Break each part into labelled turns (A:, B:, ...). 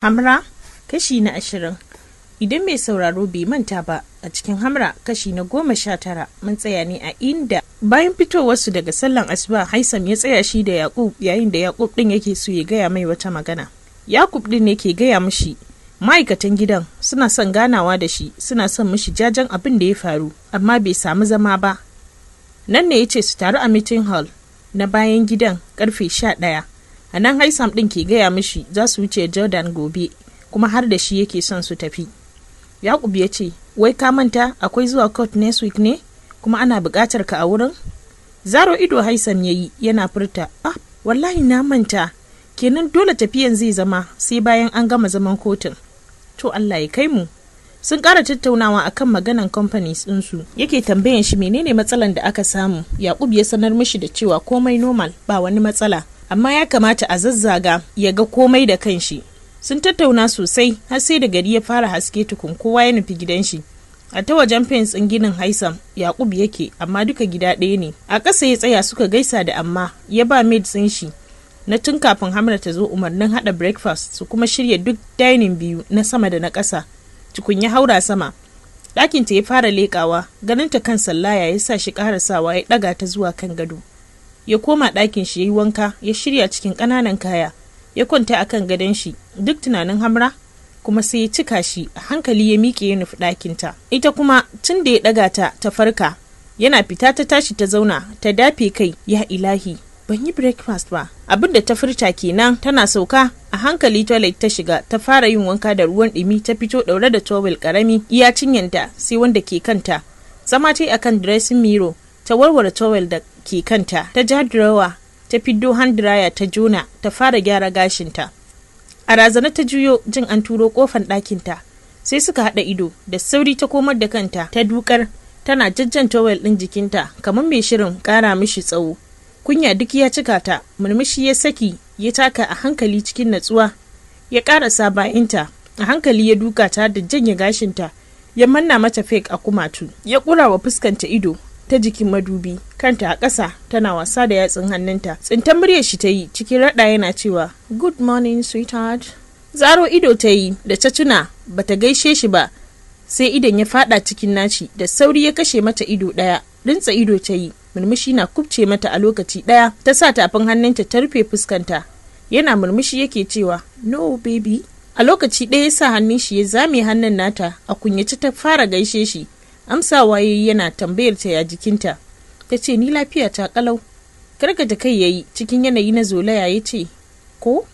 A: Hamra kashi na ashirin idan mai sauraro bai manta ba a cikin Hamra kashi na goma sha tara mun tsaya ne a inda bayan fitowarsu daga sallan asuba Haisam ya tsaya shi da Yakub yayin da Yakub din yake so ya gaya mai wata magana. Yakub din ne ke gaya mishi ma'aikatan gidan suna son ganawa da shi suna son mishi jajen abin da ya faru amma bai samu zama ba. Nan ne ya ce su taru a meeting hall na bayan gidan karfe sha ɗaya. a nan haisam ɗin ke gaya mishi za su wuce jordan gobe kuma har da shi yake son su tafi yakub ya ce wai ka manta akwai zuwa court next week ne kuma ana buƙatar ka a wurin zaro ido haisam ya yi yana furta ah wallahi na manta kenan dole tafiyan zai zama sai bayan an gama zaman kotun to allah ya kai mu sun ƙara tattaunawa akan maganan companies ɗinsu yake tambayan shi menene matsalan da aka samu yakub ya sanar mishi da cewa komai normal ba wani matsala amma ya kamata a zazzaga ya ga komai da kanshi sun tattauna sosai har sai da gari ya fara haske tukun kowa ya nufi gidan shi a ta wajen fens ɗin ginin haisam yakub yake amma duka gida ɗaya ne a ƙasa ya tsaya suka gaisa da amma ya ba maid sun shi na tun kafin hamra ta zo umarnin haɗa breakfast su kuma shirya duk dining biyu na sama da na ƙasa tukun ya haura sama ɗakinta ya fara leƙawa ganin ta kan sallaya ya sa shi ƙarasawa ya ɗaga ta zuwa kan gado ya koma ɗakin shi ya yi wanka ya shirya cikin ƙananan kaya ya kwanta a kan gadon shi duk tunanin hamra kuma sai ya cika shi a hankali ya miƙe ya nufi ɗakinta ita kuma tun da ya ɗaga ta ta farka yana fita ta tashi ta zauna ta dafe kai ya ilahi ban yi breakfast ba abin da ta furta kenan tana sauka a hankali toilet ta shiga ta fara yin wanka da ruwan ɗumi ta fito ɗaure da towel ƙarami iya cinyanta sai wanda ke kanta zama ta yi akan dressing mirror ta warware towel da ke kanta ta ja drawer ta fiddo hand dryer ta jona ta fara gyara gashinta a razana ta juyo jin an turo kofan ɗakinta sai suka haɗa ido da sauri ta komar da kanta ta dukar tana jajjan towel ɗin jikinta kamar mai shirin ƙara mishi tsawo kunya duk ya cika ta murmushi ya saki ya taka a hankali cikin natsuwa ya ƙara saba'inta a hankali ya duka ta da janye gashinta ya manna mata fake a kumatu ya ƙura wa fuskanta ido ta jikin madubi kanta a ƙasa tana wasa da yatsun hannunta tsinta muryar shi ta yi cikin raɗa yana cewa good morning sweetheart zaro ido ta yi da ta tuna ba ta gaishe shi ba sai idan ya fada cikin naci da sauri ya kashe mata ido ɗaya rintsa ido ta yi murmushi na kubce mata a lokaci ɗaya ta sa tafin hannunta ta rufe fuskanta yana murmushi yake cewa no baby a lokaci ɗaya ya sa hannun shi ya zame hannun nata a kunyaci ta fara gaishe shi amsawa ya yi yana tambayar ta ya jikinta ta ce ni lafiya ta kalau gargada kai ya yi cikin yanayi na zolaya ya ce ko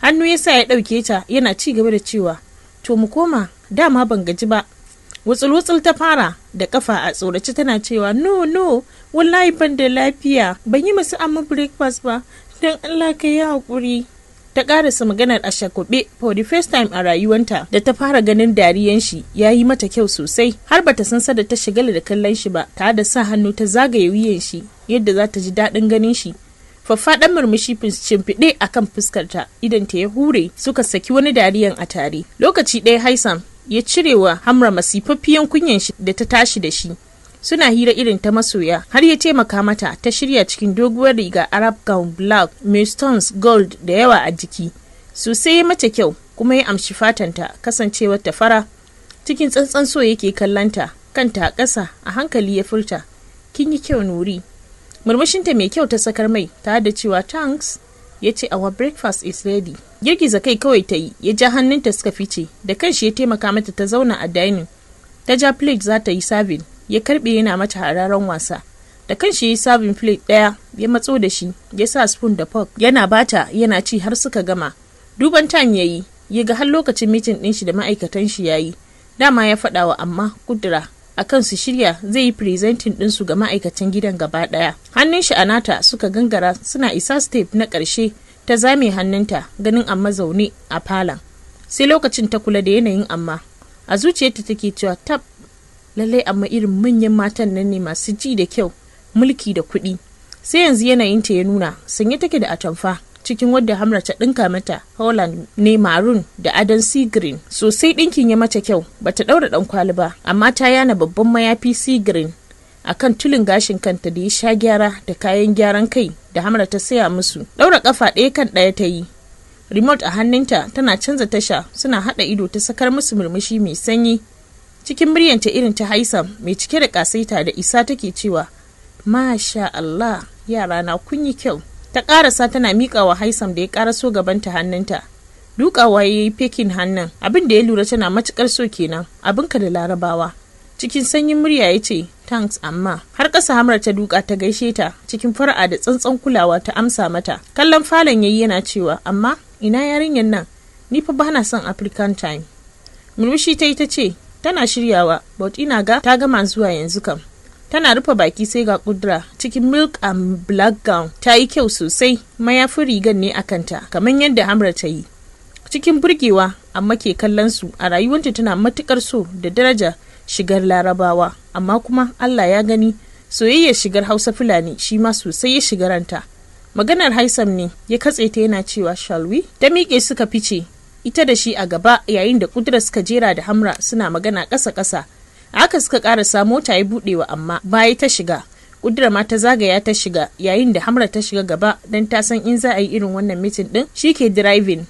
A: hannu ya sa ya ɗauke ta yana ci gaba da cewa to mu koma dama ban gaji ba wutsul-wutsul ta fara da kafa a tsorace tana cewa no no wallahi ban da lafiya ban yi masu amma breakfast ba don allah ka yi haƙuri ta karasa maganar a shakobe for the first time a rayuwanta da ta fara ganin dariyan shi ya yi mata kyau sosai har bata san sada ta shigala da kallon shi ba tare da sa hannu ta zagaye wuyan shi yadda za ta ji daɗin ganin shi faffaɗan murmushi shimfiɗe a kan fuskarta idan ta ya hure suka saki wani dariyan a tare lokaci ɗaya haisam ya cirewa hamra masifaffiyan kunyan shi da ta tashi da shi suna hira irin ta masoya har ya taimaka mata ta shirya cikin doguwar riga arab gown black mai stones gold da yawa a jiki sosai ya mace kyau kuma ya amshi fatanta kasancewar ta fara cikin tsantsan so yake kallanta kanta a ƙasa a hankali ya furta kin yi kyau nuri murmushinta mai kyau ta sakar mai ta da cewa tanks ya ce our breakfast is ready girgiza kai kawai ta yi ya ja hannunta suka fice da kanshi ya taimaka mata ta zauna a dining ta ja plate za ta yi serving ya karbe yana mata hararen wasa da kan shi sabin plate ɗaya ya matso da shi ya sa spoon da fork yana bata yana ci har suka gama duban time yayi ya ga har lokacin mitin ɗin shi da ma'aikatan shi yayi dama ya faɗawa wa amma kudura akan su shirya zai yi presenting ɗinsu ga ma'aikatan gidan gaba ɗaya hannun shi a nata suka gangara suna isa step na ƙarshe ta zame hannunta ganin amma zaune a falon sai lokacin ta kula da yanayin amma a zuciyarta take cewa tab lallai amma irin manyan matan nan ne masu ji da kyau mulki da kuɗi sai yanzu yanayinta ya nuna sanye take da atamfa cikin wadda hamra ta ɗinka mata holland ne maroon da adon sea green sosai ɗinkin ya mata kyau bata ɗaura ɗan kwali ba amma ta yana babban mayafi sea green a kan tulin gashin kanta da ya sha gyara da kayan gyaran kai da hamra ta saya musu ɗaura ƙafa ɗaya kan ɗaya ta yi remote a hannunta tana canza tasha suna haɗa ido ta sakar musu murmushi mai sanyi cikin muryanta irin ta haisam mai cike da kasaita da isa take cewa masha Allah yara na kun yi kyau ta karasa tana miƙawa wa haisam da ya karaso gabanta hannunta dukawa ya yi fekin hannun abin da ya lura tana matukar so kenan ka da larabawa cikin sanyin murya ya ce thanks amma har ƙasa Hamra ta duka ta gaishe ta cikin fara'a da tsantsan kulawa ta amsa mata kallon falon yayi yana cewa amma ina yarinyar nan ni fa bana son african time murmushi ta yi ta ce tana shiryawa but ina ga ta gama zuwa yanzu kam tana rufe baki sai ga kudura cikin milk and black gown ta yi kyau sosai mayafin rigan ne a kanta kamar yadda hamra ta yi cikin burgewa amma ke kallon su a rayuwarta tana matukar so da daraja shigar larabawa amma kuma allah ya gani soyayyar shigar hausa fulani shi ma sosai ya shigaranta maganar haisam ne ya katse ta yana cewa shall we ta miƙe suka fice ita da shi a gaba yayin da kudura suka jera da hamra suna magana ƙasa-ƙasa haka suka ƙarasa mota ya buɗewa amma baya ta shiga kudura ma ta zagaya ta shiga yayin da hamra ta shiga gaba don ta san in za a yi irin wannan mitin ɗin. shi ke driving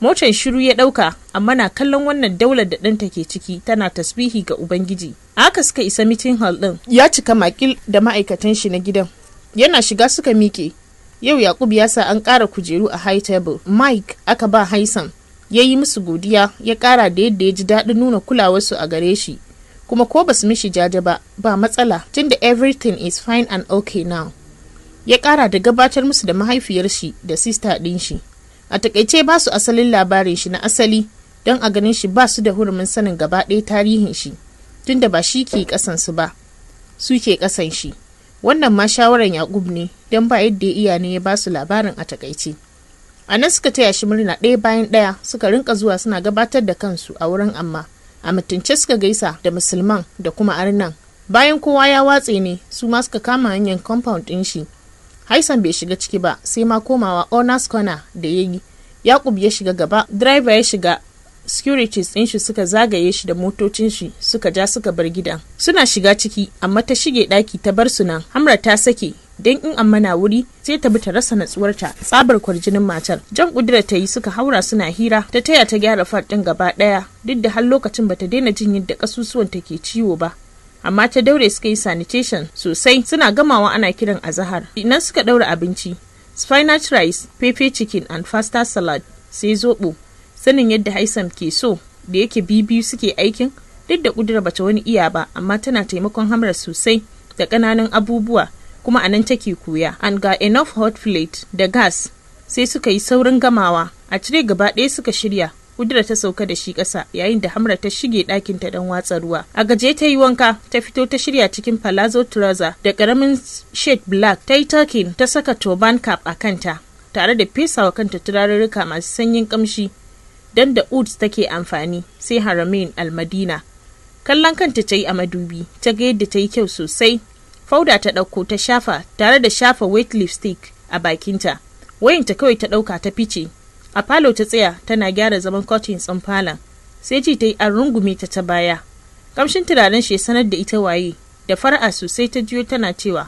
A: motar shiru ya ɗauka amma na kallon wannan daular da ɗanta ke ciki tana tasbihi ga ubangiji haka suka isa mitin hall ɗin ya cika makil da ma'aikatan shi na gidan yana shiga suka miƙe yau yakub ya sa an ƙara kujeru a high table mike aka ba haisan ya yi musu godiya ya kara da yadda ya ji daɗin nuna kulawar su a gare shi kuma ko basu mishi jaje ba ba matsala tunda everything is fine and okay now ya kara da gabatar musu da mahaifiyar shi da sista ɗin shi a takaice ba su asalin labarin shi na asali don a ganin shi ba su da hurumin sanin gaba ɗaya tarihin shi tunda ba shi ke ƙasan su ba su ke ƙasan shi wannan ma shawaran yakub ne don ba yadda iya ne ya ba su labarin a takaice a nan suka taya shi murna ɗaya bayan ɗaya suka rinka zuwa suna gabatar da kansu a wurin amma a mutunce suka gaisa da musulman da kuma arnan bayan kowa ya watse ne su ma suka kama hanyar compound ɗin shi haisan bai shiga ciki ba sai ma komawa owners corner da ya yi yakub ya shiga gaba driver ya shiga securities ɗin shi suka zagaye shi da motocin shi suka ja suka bar gidan suna shiga ciki amma ta shige ɗaki ta bar su nan hamra ta sake don in amma na wuri sai ta bi ta rasa natsuwarta tsabar kwarjinin matar jan kudura ta yi suka haura suna hira ta taya ta gyara fat din gaba daya duk da har lokacin bata daina jin yadda ƙasusuwan ta ke ciwo ba amma ta daure suka yi sanitation sosai suna gamawa ana kiran azahar inan suka daura abinci spinach rice pepe chicken and pasta salad sai zobo sanin yadda haisam ke so da yake bibiyu suke aikin duk da kudura bata wani iya ba amma tana taimakon hamra sosai da ƙananan abubuwa kuma a nan take kuya an ga enough hot plate da gas sai suka yi saurin gamawa a cire gaba ɗaya suka shirya kudura ta sauka da shi ƙasa yayin da hamra ta shige ɗakin ta don watsa ruwa a gaje ta yi wanka ta fito ta shirya cikin palazzo trouser da ƙaramin shade black ta yi talking ta saka turban cap a kanta tare da fesa wa kanta turarurruka masu sanyin ƙamshi don da uds take amfani sai haramain almadina kallon kanta ta yi a madubi ta ga yadda ta yi kyau sosai fauda ta ɗauko ta shafa tare da shafa wet lipstick a bakinta wayanta kawai ta ɗauka ta fice a falo ta tsaya tana gyara zaman cotton tsan falon sai ji ta yi an rungume ta ta baya kamshin turaren shi sanar da ita waye da fara'a sosai ta juyo tana cewa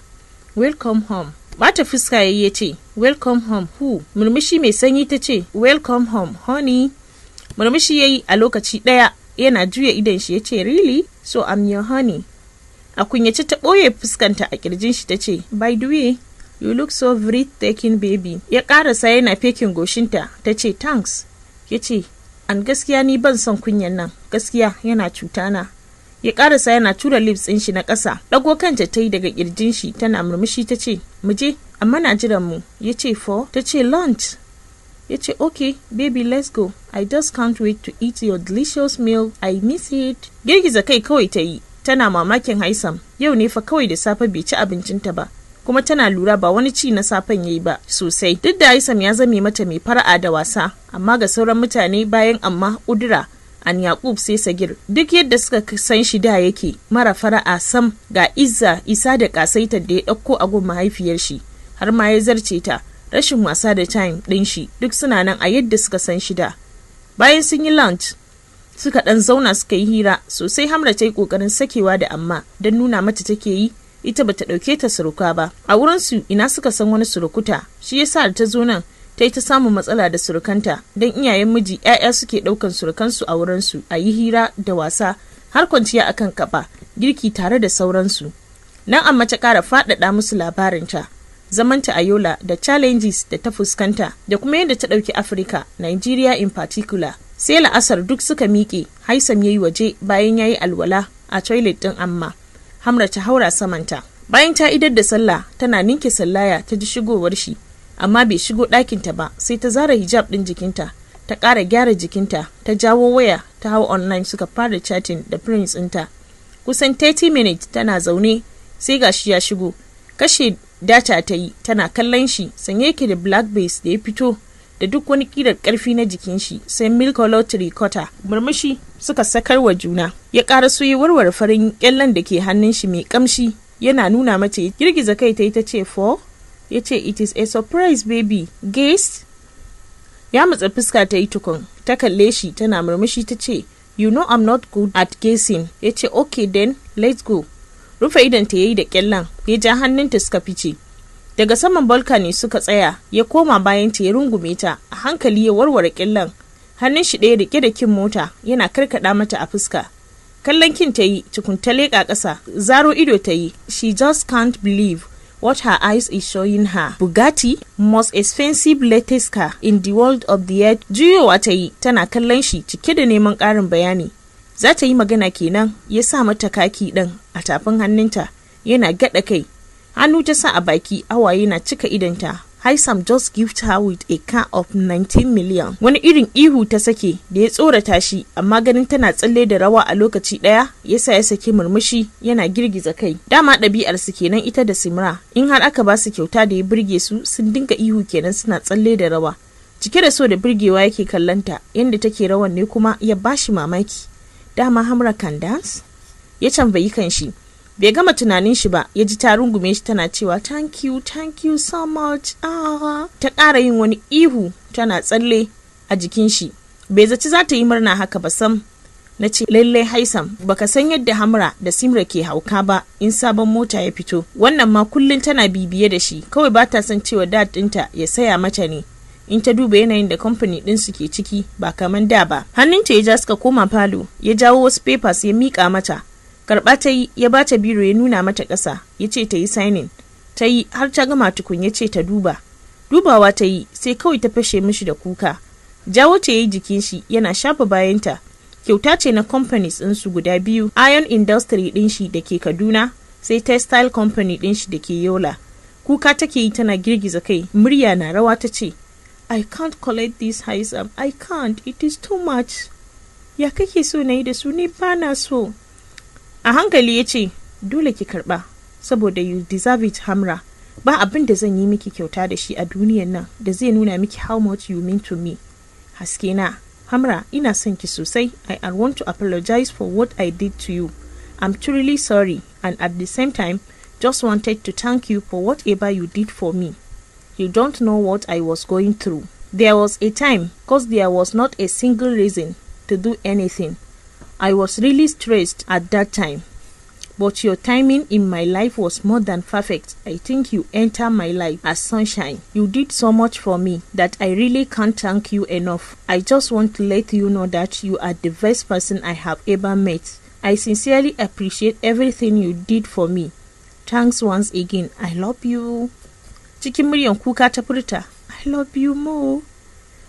A: welcome home bata fuska ya ce welcome home who murmushi mai sanyi ta ce welcome home honey murmushi yayi a lokaci ɗaya yana juya idan shi ya ce really so i'm your honey a kunyace ta ɓoye fuskanta a kirjin shi ta ce by the way you look so breathtaking baby ya karasa yana fekin goshinta ta ce thanks ya ce an gaskiya ni ban son kunyan nan gaskiya yana cutana ya karasa yana tura lips ɗin shi na ƙasa ɗago kanta ta yi daga ƙirjin shi tana murmushi ta ce mu je amma na jiran mu ya ce for ta ce lunch ya ce ok baby let's go i just can't wait to eat your delicious meal i miss it girgiza kai kawai ta yi tana mamakin haisam yau ne fa kawai da safe bai ci abincin ta ba kuma tana lura ba wani ci na safen yayi ba sosai duk da haisam ya zame mata mai fara'a da wasa amma ga sauran mutane bayan amma udura an yakub sai sagir duk yadda suka san shi da yake mara fara'a sam ga izza isa da kasaitar da ya dauko a gun mahaifiyar shi har ma ya zarce ta rashin wasa da time ɗin shi duk suna nan a yadda suka san shi da bayan sun yi lunch suka ɗan zauna suka yi hira sosai hamra ta yi ƙoƙarin sakewa da amma don nuna mata take yi ita bata ɗauke ta suruka ba a wurinsu ina suka san wani surukuta shi yasa da ta zo nan ta yi ta samun matsala da surukanta don iyayen miji 'ya'ya suke ɗaukan surukansu a wurinsu a yi hira da wasa har kwanciya akan kafa girki tare da sauransu nan amma ta kara faɗaɗa musu labarinta zamanta a yola da challenges da ta fuskanta da kuma yadda ta ɗauki afirka nigeria in particular sai la'asar duk suka miƙe haisam ya yi waje bayan ya yi alwala a toilet ɗin amma hamra ta haura samanta bayan ta idar da sallah tana ninke sallaya ta ji shigowar shi amma bai shigo ɗakinta ba sai ta zara hijab ɗin jikinta ta ƙara gyara jikinta ta jawo waya ta hau online suka fara chatting da prince ɗinta kusan 30 minutes tana zaune sai gashi ya shigo kashe data ta yi tana kallon shi sanye yake da black base da ya fito da duk wani ƙirar ƙarfi na jikin shi sai lottery tricota murmushi suka sakar wa juna ya ƙara su yi warware farin ƙyallen da ke hannun shi mai ƙamshi yana nuna mace girgiza kai ta yi ta ce for ya ce it is a surprise baby guest ya matsa fuska ta yi tukun ta kalle shi tana murmushi ta ce you know i'm not good at guessing ya ce okay then let's go rufe idan ta yayi da kyallan ya ja hannunta suka fice daga saman balkani suka tsaya ya koma bayan ta ya rungume ta a hankali ya warware killan hannun shi ɗaya rike da kin mota yana karkaɗa mata a fuska kallon kin ta yi tukunta leƙa ƙasa zaro ido ta yi she just can't believe what her eyes is showing her bugatti most expensive latest car in the world of the earth juyowa ta yi tana kallon shi cike da neman ƙarin bayani za ta yi magana kenan ya sa mata kaki ɗin a tafin hannunta yana gaɗa kai hannu ta sa a baki awaye na cika idanta Haisam just gift her with a car of 19 million. Wani irin ihu ta sake da ya tsorata shi, amma ganin tana tsalle da rawa a lokaci ɗaya, yasa ya sake murmushi yana girgiza kai. Dama ɗabi'ar su kenan ita da Simra, in har aka ba su kyauta da ya birge su, sun dinga ihu kenan suna tsalle da rawa. Cike da so da birgewa yake kallanta, yadda take rawan ne kuma ya bashi mamaki. Dama Hamra kan dance? Ya canbayi kan shi. bai gama tunanin shi ba ya ji ta rungume shi tana cewa thank you thank you so much ah. ta ƙara yin wani ihu tana tsalle a jikin shi bai zaci za ta yi murna haka ba sam na ce lallai haisam baka san yadda hamra da simra ke hauka ba in sabon mota ya fito wannan ma kullum tana bibiye da shi kawai ba ta son cewa dad ɗinta ya saya mata ne in ta duba yanayin da kamfani din su ke ciki ba kaman da ba hannunta ya ja suka koma falo ya jawo wasu papers ya mika mata karba ta yi ya ba ta biro ya nuna mata ƙasa ya ce ta yi sainin ta yi har ta gama tukun ya ce ta duba dubawa ta yi sai kawai ta fashe mishi da kuka jawo ta ya yi jikin shi yana shafa bayanta kyauta ce na companies ɗinsu guda biyu iron industry din shi da ke kaduna sai textile company ɗin shi da ke yola kuka take yi tana girgiza kai murya na rawa ta ce i can't collect this sum i can't it is too much ya kake so na yi da su ne ba na so a hankali ya dole ki karba saboda you deserve it hamra ba abin da zan yi miki kyauta da shi a duniyan nan da zai nuna miki how much you mean to me haske na hamra ina son ki sosai i want to apologize for what i did to you i'm truly sorry and at the same time just wanted to thank you for whatever you did for me you don't know what i was going through there was a time cause there was not a single reason to do anything I was really stressed at that time. But your timing in my life was more than perfect. I think you enter my life as sunshine. You did so much for me that I really can't thank you enough. I just want to let you know that you are the best person I have ever met. I sincerely appreciate everything you did for me. Thanks once again. I love you. Chikimuri onkuka kuka I love you more.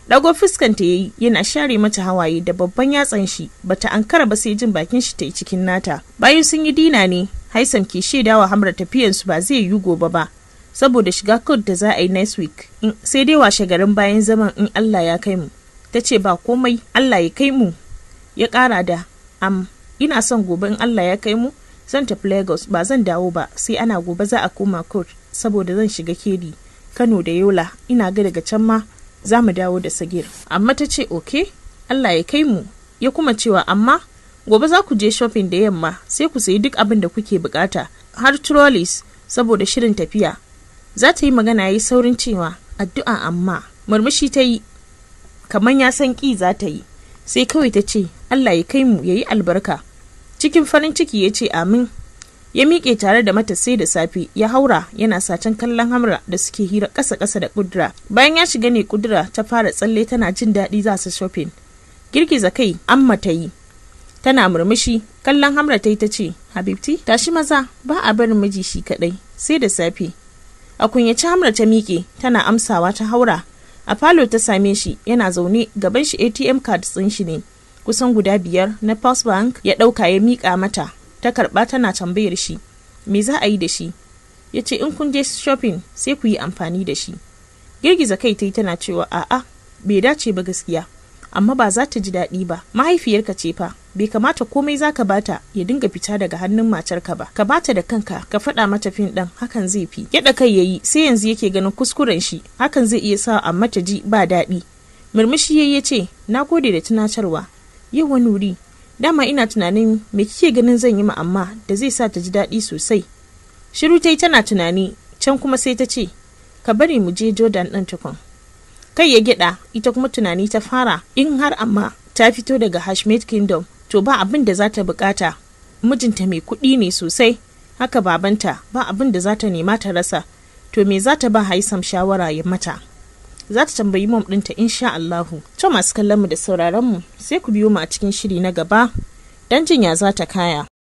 A: Dago fuskanta ya yi yana share mata hawaye da babban yatsan shi bata ankara ba sai jin bakin shi ta yi cikin nata. Bayan sun yi dina ne, Haisam ke wa Hamra su ba zai yi gobe ba. Saboda shiga code da za a yi next week, sai dai washe garin bayan zaman in Allah ya kai mu. Ta ce ba komai Allah ya kai mu. Ya kara da, am, ina son gobe in Allah ya kai mu, zan tafi Lagos ba zan dawo ba sai ana gobe za a koma court saboda zan shiga kedi. Kano da Yola, ina ga daga can ma za mu dawo da sagir amma ta ce oke allah ya kai mu ya kuma cewa amma gobe za ku je shopping da yamma sai ku sayi duk abin da kuke bukata har trolleys saboda shirin tafiya za ta yi magana ya yi saurin cewa addu'a amma murmushi ta yi kamar ya san ƙi za ta yi sai kawai ta ce allah ya kai mu ya yi albarka cikin farin ciki ya ce amin ya miƙe tare da mata sai da safe ya haura yana sacen kallon hamra da suke hira ƙasa-ƙasa da kudura bayan ya shiga ne kudura ta fara tsalle tana jin daɗi za su shopping girgiza kai amma ta yi tana murmushi kallon hamra ta yi ta ce habibti tashi maza ba a barin miji shi kaɗai sai da safe a kunyaci hamra ta miƙe tana amsawa ta haura a falo ta same shi yana zaune gaban shi atm card tsin shi ne kusan guda biyar na post Bank ya ɗauka ya miƙa mata ta karba tana tambayar shi me za a yi da shi ya ce in kun je shopping sai ku yi amfani da shi girgiza kai ta yi tana cewa a'a bai dace ba gaskiya amma ba za ta ji daɗi ba mahaifiyarka ce fa bai kamata komai za ka bata ya dinga fita daga hannun matarka ba ka bata da kanka ka faɗa mata fin ɗan hakan zai fi yaɗa kai yayi sai yanzu yake ganin kuskuren shi hakan zai iya sa amma ta ji ba daɗi murmushi ya ce na gode da tunatarwa yau wani wuri dama ina tunanin me kike ganin zan yi amma da zai sa ta ji daɗi sosai shiru ta yi tana tunani can kuma sai ta ce ka bari mu je jordan ɗan tukun kai ya gyaɗa ita kuma tunani ta fara in har amma ta fito daga hashmate kingdom to ba abin da za ta bukata mijinta mai kuɗi ne sosai haka babanta ba abin da za ta nema ta rasa to me za ta ba haisam shawara ya mata za ta tambayi mom ɗinta insha Allahu. To masu kallon mu da sauraron mu sai ku biyo mu a cikin shiri na gaba don jinya za ta kaya.